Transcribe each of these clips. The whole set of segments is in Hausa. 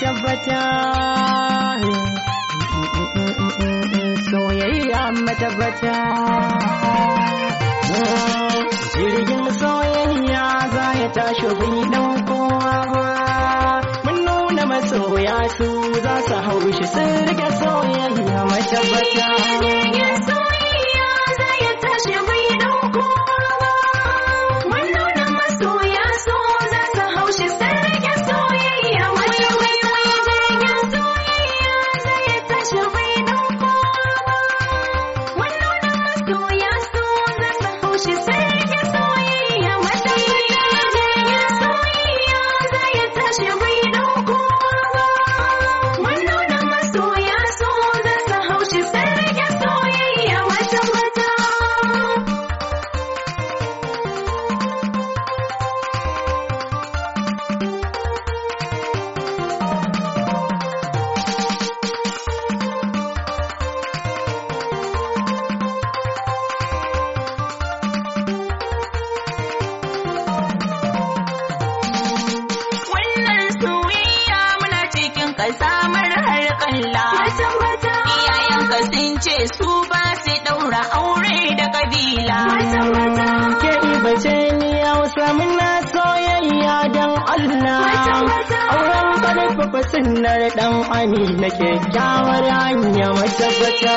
matabbata soyayya matabbata jirgin soyayya za ya tashi bai dan kowa ba mun nuna masoya su za su hau shi sun rike soyayya matabbata jirgin soyayya za ya tashi bai sunnar dan amina kyakkyawar hanya matabbata.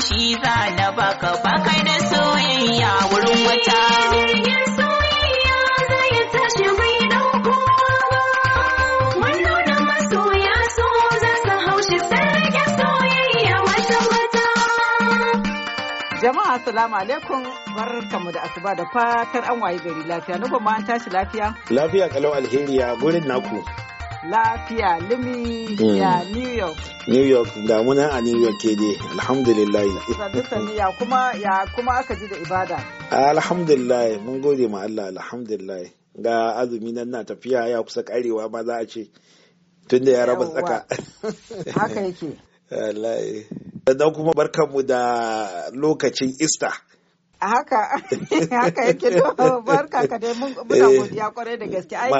samu za na baka baka da soyayya wurin wata jirgin soyayya zai tashi Jama'a salamu alaikum barkamu da asuba da fatar an waye gari lafiya. Nuba ma an tashi lafiya? Lafiya kalau alheri ya gurin naku. lafiya limi ya hmm. new york new york damuna a new york ke ne alhamdulillah ya kuma ya kuma aka ji da ibada alhamdulillah mun gode ma Allah alhamdulillah ga azumi nan na tafiya ya kusa karewa ma za a ce tunda ya raba tsaka haka yake wallahi kuma barkanmu da lokacin easter haka haka yake to barka ka dai muna eh, godiya kwarai da gaske ai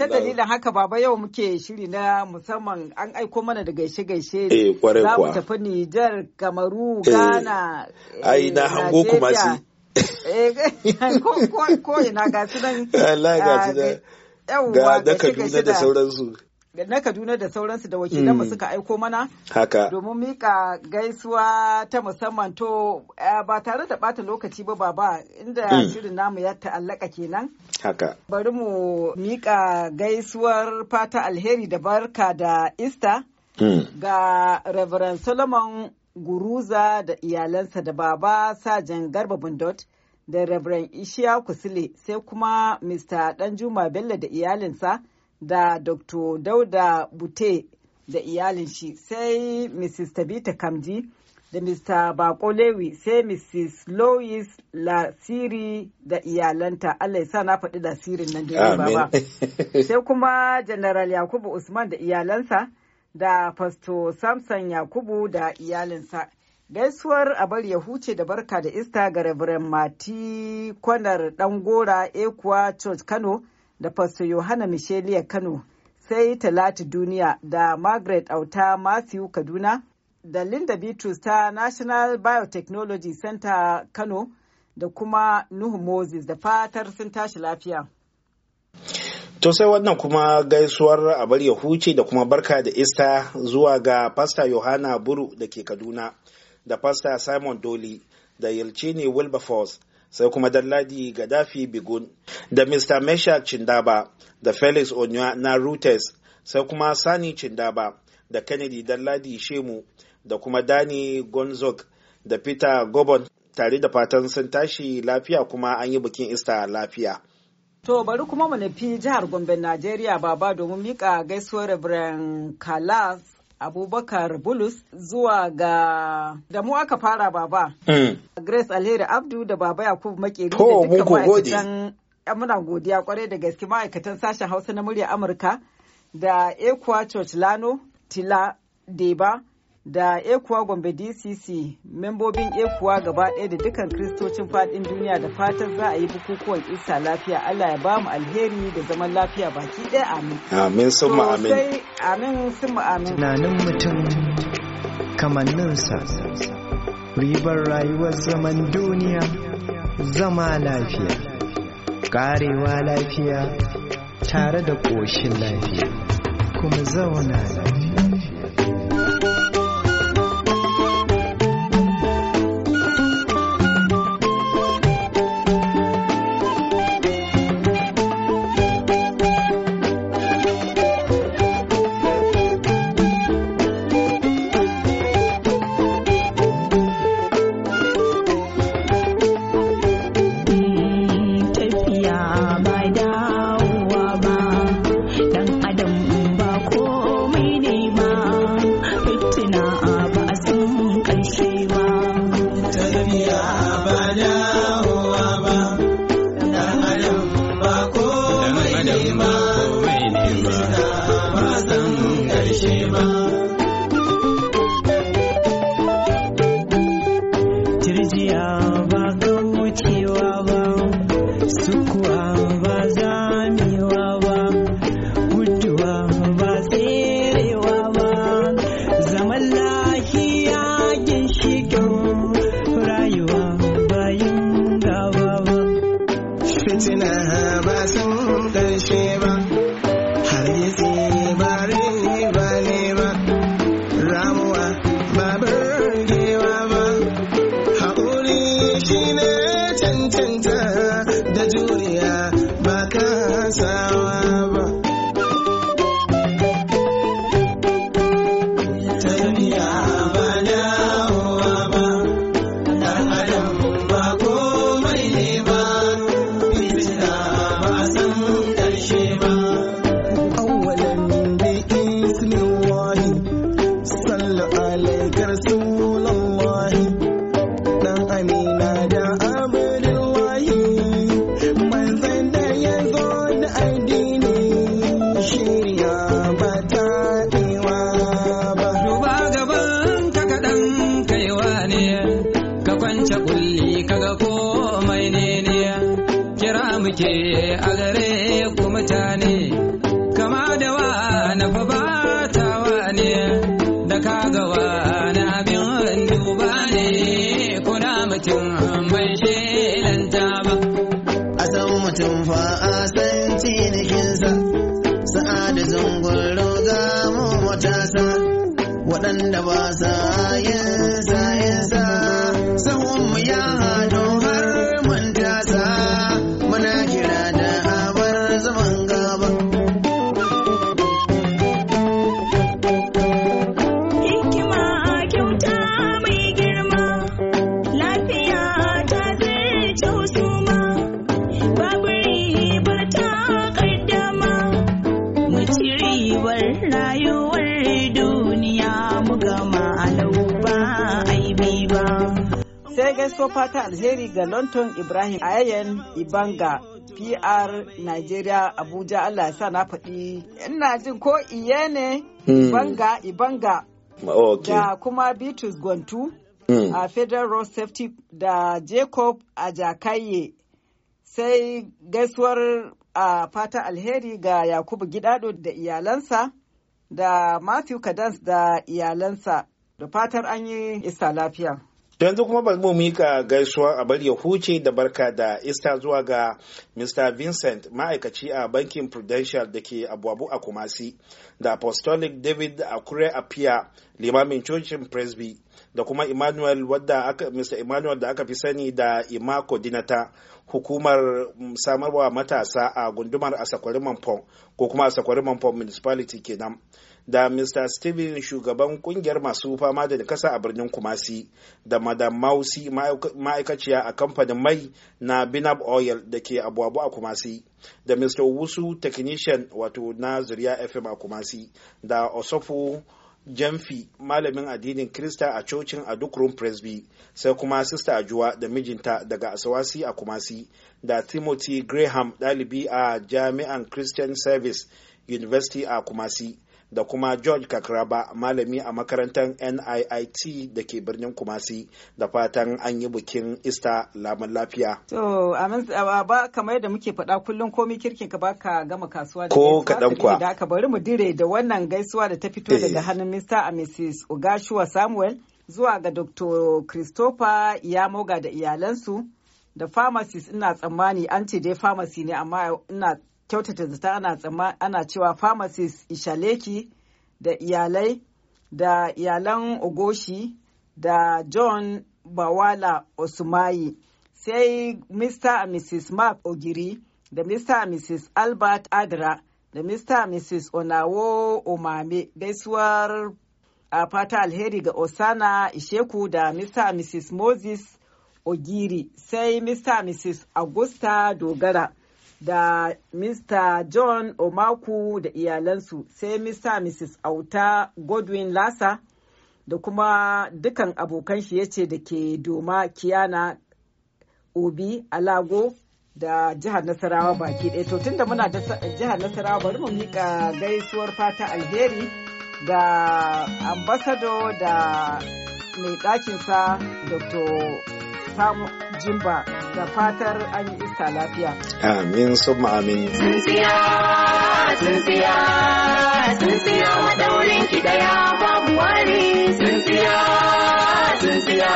ta dalilin haka baba yau muke shiri na musamman an aiko mana da gaishe gaishe eh, za mu tafi Niger Kamaru eh, Ghana ai na hango kuma si ko ina ga su nan Allah ga ah, da Kaduna da sauransu na Kaduna da sauransu da wakilanmu mu hmm. suka aiko mana. Haka. Domin mika gaisuwa ta musamman to eh, ba tare da bata lokaci ba ba inda hmm. shirin namu ya ta'allaka kenan. Haka. Bari mu mika gaisuwar fata alheri da barka da Ista. Hmm. Ga Reverend Solomon Guruza da iyalansa da baba Sajan Garba Bundot. da Reverend Ishiya Kusile sai kuma Mr. Danjuma Bello da iyalinsa. da dr dauda bute da iyalin shi sai mrs tabita kamji da mr bako lewi sai mrs lois lasiri da iyalanta allah ya sa na faɗi lasirin nan da ba sai kuma general yakubu usman da iyalansa da pastor Samson Yakubu da iyalinsa. Gaisuwar a bar ya huce da barka da ista ga Reverend Mati Kwanar Dangora Ekuwa Church Kano da Pastor Yohana Misheliya Kano sai Talatu Duniya da Margaret Auta Matthew Kaduna da Linda Bitrus ta National Biotechnology Center Kano da kuma Nuhu Moses da fatar sun tashi lafiya. To sai wannan kuma gaisuwar abar ya huce da kuma barka da ista zuwa ga pastor Yohana Buru da ke Kaduna da pastor Simon Doli da Yelcini Wilberforce sai kuma Dalladi Gaddafi Bigun da Mr. mesha Chindaba da Felix Onwa na Reuters sai kuma Sani Chindaba da Kennedy Dalladi Shemu da kuma Dani Gonzog da Peter Gobon tare da fatan sun tashi lafiya kuma an yi bikin Ista lafiya. To bari kuma mu nufi jihar Gombe Najeriya baba domin mika gaisuwar Reverend Kalas Abubakar Bulus zuwa ga da mu aka fara baba. Hmm. Grace Alheri Abdu da Baba Yakubu Makeri da dukkan ma'aikatan eh, muna godiya kwarai da gaske ma'aikatan sashen Hausa na murya Amurka da Ekwa Church Lano Tila Deba da Ekwa Gombe DCC membobin Ekuwa gaba ɗaya da dukkan kristocin faɗin duniya da fatan za a yi bukukuwan Isa lafiya Allah ya ba mu alheri da zaman lafiya baki ɗaya amin. Amin sun amin. Amin sun amin. Tunanin mutum kamanninsa. ribar rayuwar zaman duniya zama lafiya karewa lafiya tare da ƙoshin lafiya kuma zauna lafiya bai shelanta ba a san mutum fa a san cinikinsa sa'ada zungun roga mu matasa waɗanda ba sa yin sa yin sa sahun mu ya hado fata alheri ga Lonton Ibrahim Ayayen Ibanga PR Nigeria Abuja Allah na faɗi ina jin ko iye ne hmm. Ibanga Ibanga da kuma Bitrus Gwantu hmm. a Federal Road Safety da Jacob a Jakaye sai gaisuwar a fata alheri ga Yakubu Gidado da iyalansa da Matthew Kadans da iyalansa da fatar an yi isa lafiya. yanzu kuma bari mu mika gaisuwa a bari ya huce da barka da ista zuwa ga mr vincent ma'aikaci a bankin prudential da ke abuabu a kumasi da apostolic david akure apia limamin cocin presby da kuma emmanuel wadda aka mr emmanuel da aka fi sani da imako dinata hukumar mm, samarwa matasa a gundumar asakwari manfon ko kuma asakwari manfon municipality kenan da mr steven shugaban kungiyar masu fama da nakasa a birnin kumasi da madam mausi ma'aikaciya a kamfanin mai na binab oil da ke abu a kumasi da mr wusu technician wato na zuriya fm a kumasi da osofu jamfi malamin addinin krista a cocin a duk rum presby sai kuma sista ajuwa da mijinta daga asawasi a kumasi da timothy graham ɗalibi a jami'an christian service university a kumasi da kuma george kakraba malami a makarantar niit da ke birnin kumasi da fatan an yi bikin ista lamun lafiya to ba kamar yadda muke faɗa kullum komi kirkin ka baka gama kasuwa da ko kaɗan kwa da aka bari mu dire da wannan gaisuwa da ta fito daga eh. hannun mr a mrs ogashuwa samuel zuwa ga dr christopher moga da iyalansu da pharmacist ina tsammani anti dai pharmacy ne amma ina kyautata zata ana ana cewa pharmacist ishaleki da iyalai da iyalan ogoshi da john bawala osumayi sai mr and mrs mark ogiri da mr and mrs albert adra da mr and mrs onawo omame gaisuwar a fata alheri ga osana isheku da mr and mrs moses ogiri sai mr and mrs augusta dogara da Mr. John Omaku da iyalansu sai Mr. Mrs. Auta Godwin Lassa da kuma dukan abokan shi yace da ke doma Kiyana Obi Alago da jihar Nasarawa baki ɗaya. To tunda muna da jihar Nasarawa bari mu miƙa gaisuwar fata alheri ga ambasado da mai ɗakinsa Dr. mustapha jimba da fatar an yi ista lafiya amin sun amin tsintsiya tsintsiya tsintsiya madaurin ki da ya babu wani tsintsiya tsintsiya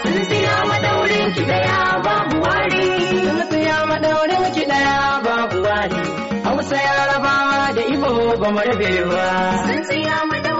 tsintsiya madaurin ki da ya babu wani tsintsiya madaurin ki da ya babu wani hausa ya yarabawa da ibo ba mu rabe ba tsintsiya madaurin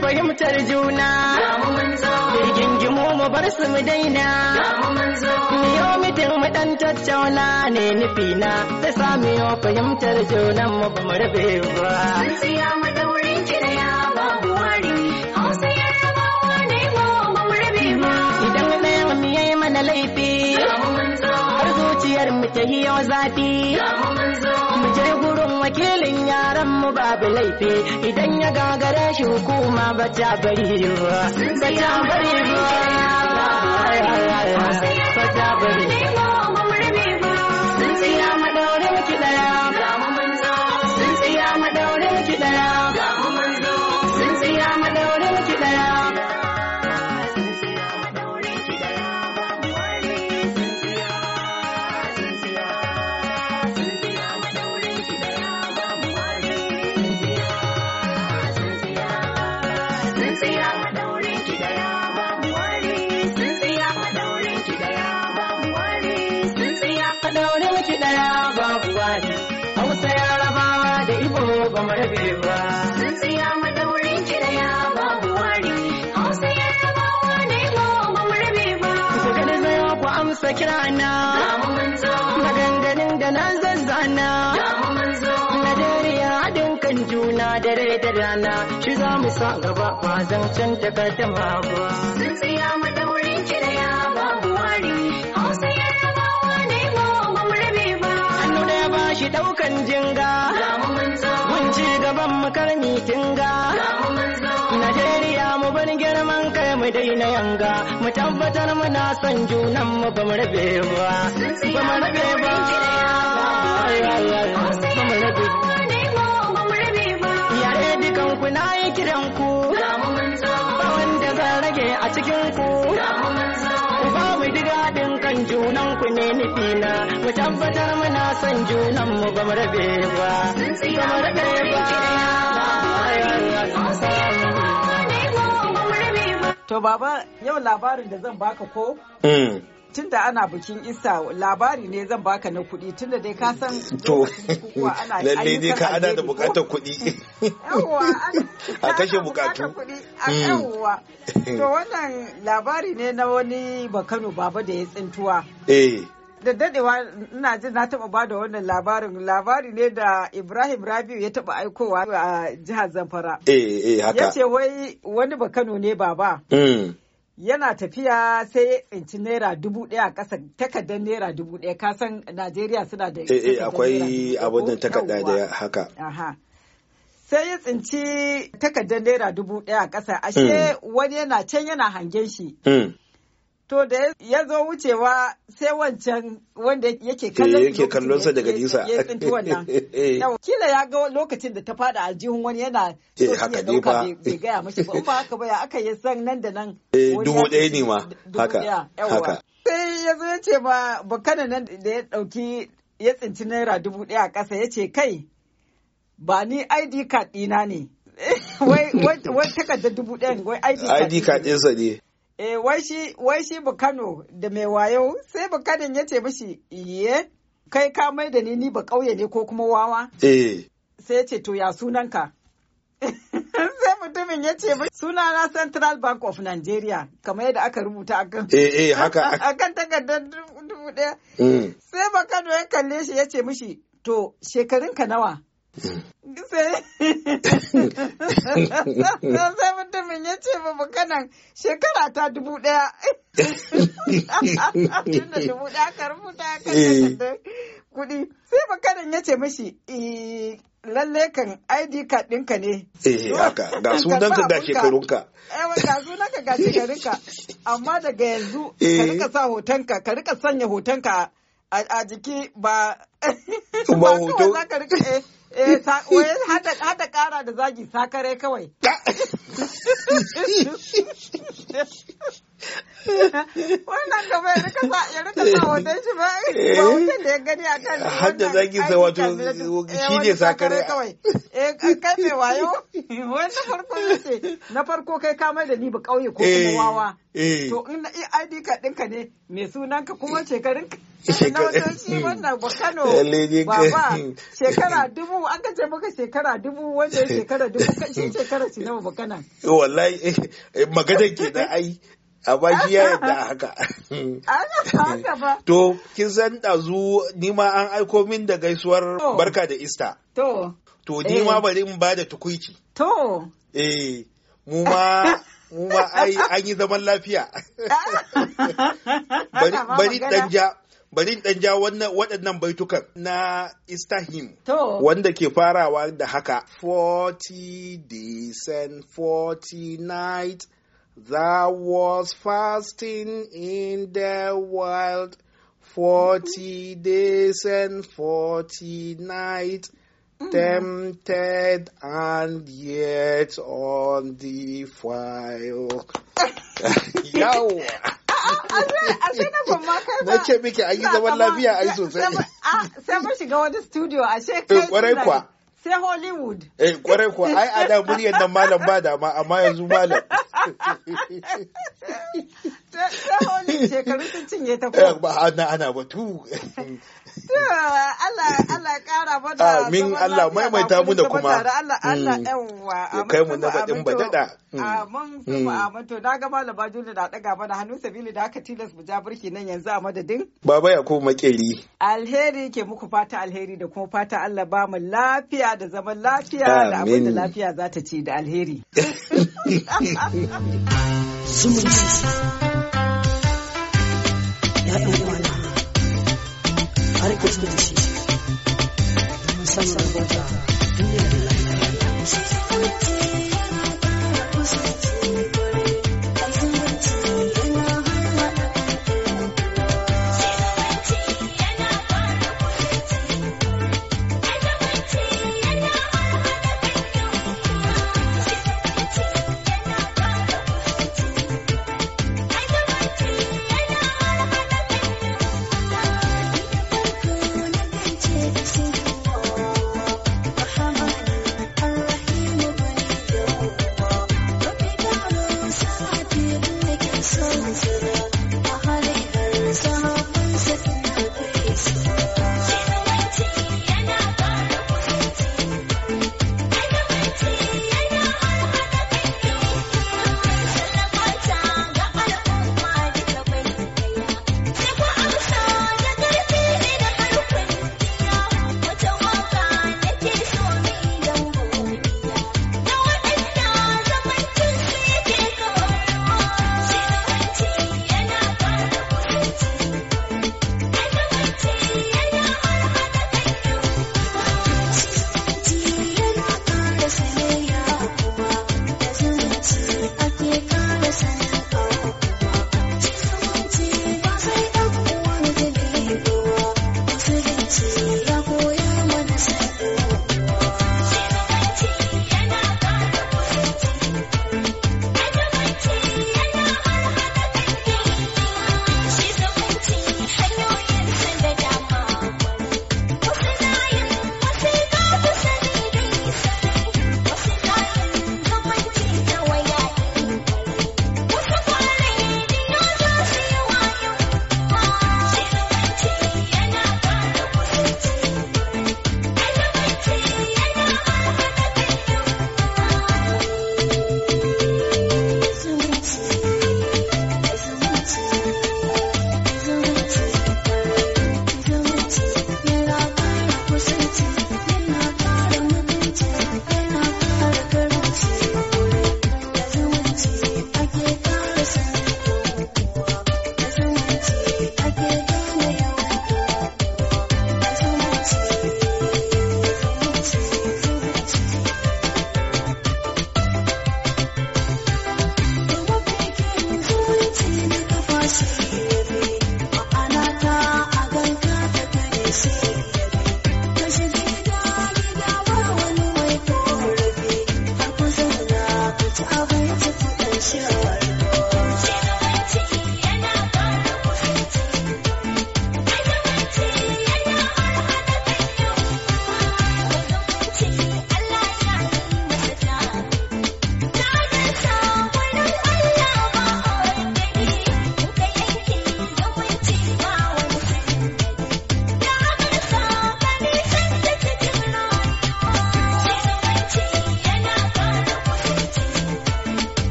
fahimtar juna. Rigingimu mu bar su mu daina. Mu tattauna ne nufi na ta sami yo fahimtar juna mu ba mu rabe ba. Tsintsiya babu wari. Hausa ya rabawa ba mu rabe ba. Idan ɗayan mu yayi mana laifi. Har zuciyar mu ta hiyo zafi. wakilin yaran mu babu laifi idan ya gagara shi hukuma ba ta bari ba ba ta bari ba ba ta ba sun tsaya madaurin ki daya sun tsaya madaurin ki daya rana shi za mu sa gaba ba zan canja gardama ba. Sun tsaya madaurin kiraya babu wari hausa yarrabawa ne ba ba mu rabe ba. Hannu ɗaya ba shi ɗaukan jinga. Mun ci gaban makarni kinga. Najeriya mu bar girman kai mu daina yanga mu tabbatar muna son junan mu ba mu rabe ba. ki da ya Ba mu rabe ba. Ba mu rabe ba. ku na yi kiran ku ba wanda zan rage a cikin ku ba mu digadin kan junan ku ne nufi na mu tabbatar muna son junan mu ba mu rabe ba ba mu rabe ba to baba yau labarin da zan baka ko hmm. tunda ana bikin isa labari ne zan baka na kuɗi tunda dai ka san to lalle ne ka ana da bukatar kuɗi a kashe hmm. bukatu to wannan labari ne na wani bakano baba da ya tsintuwa eh. da dadewa ina jin na taba bada wannan labarin labari ne da Ibrahim Rabiu ya taba aikowa a jihar Zamfara. Eh eh haka. Yace wai wani Bakano ne baba. Mm. yana tafiya sai ya tsinci naira dubu ɗaya ƙasa takardar naira dubu ɗaya kasan najeriya suna da eh, eh akwai abin da takarda da haka sai ya tsinci takardar naira dubu ɗaya a ƙasa ashe hmm. wani yana can yana hangen shi hmm. to da ya zo wucewa sai wancan wanda yake eh, kallon yake kallon sa daga nisa kila ya ga lokacin da ta fada aljihun wani yana so eh, haka ne ba bai gaya mashi ba ba haka ba ya aka yi san nan da nan eh, dubu ɗaya ne ma haka haka sai ya zo ya ce ba bakana nan da ya ɗauki ya tsinci naira dubu ɗaya a ƙasa ya ce kai ba ni id card ɗina ne wai takardar dubu ɗaya wai id card ɗinsa ne Eh, wai shi, wai shi Bukano da mai wayo, sai Bukanon ya ce mishi, iye, kai ka mai da ni ni ba ƙauye ne ko kuma wawa? Eh. Sai ya ce, to ya sunanka? sai mutumin ya ce, suna na Central Bank of Nigeria, kamar yadda aka rubuta akan. Eh, eh, haka. Akan takardar dubu ɗaya. Mm. Sai Bukano ya kalle shi ya ce mishi, to shekarunka nawa? sai mutumin ya ce ba makanan shekara ta dubu daya tunda ka kuɗi sai makanan ya ce mashi lallai kan ID card ɗinka ne. Eh haka ga sunanka ga shekarunka. Eh ga sunanka ga shekarunka amma daga yanzu ka rika sa hotonka ka rika sanya hotonka a jiki ba ba hoto ka rika Eh, hada kara da zagi sakare kawai. wannan gaba ya rika sa ya rika sa hoton shi ba ba hoton da ya gani a kan eh, hadda zaki sa wato shi ne eh, sakare kawai eh kai mai wayo wannan farko ce na farko kai ka mai da ni ba kauye ko kuma eh, wawa to in ID card ɗinka ne mai sunan ka kuma shekarun shekara dubu an ka ce maka shekara dubu wanda shekara dubu shi shekara shi nawa bakana wallahi ke da. ai ba shi ya yadda haka. haka ba. To, kin san ɗazu ni ma an aiko min da gaisuwar barka da ista. To. To, ni ma eh. bari in ba da tukuici. To. Eh, mu ma mu ma ai an yi zaman lafiya. Bari ɗan ja. Bari ɗan ja waɗannan baitukan na Istahim To. wanda ke farawa da haka 40 days and 40 nights Thou was fasting in the wild forty days and forty nights, mm. tempted and yet on the file. Yawa! Ah, ah, ah, Na ce miki an yi zaman lafiya ai sosai. Sai mun shiga wani studio ashe kai. Kwarai kuwa. sai Hollywood. Eh kwarai kuwa ai a da muryar nan malam ba dama amma yanzu malam. Sai Hollywood shekaru sun cinye ta ko. Eh, ba ana ana batu. Allah Allah mana amin Allah maimaita mu da kuma mm. kai mu na baɗin ba daɗa. kuma amin to na ga malama Juli na ɗaga mana hannu sabili da aka tilas mu birki nan yanzu a madadin baba ya ko makeri alheri ke muku fata alheri da kuma fata Allah ba mu lafiya da zaman lafiya da abin da lafiya za ta ci da alheri zumunci har gaske musamman bauta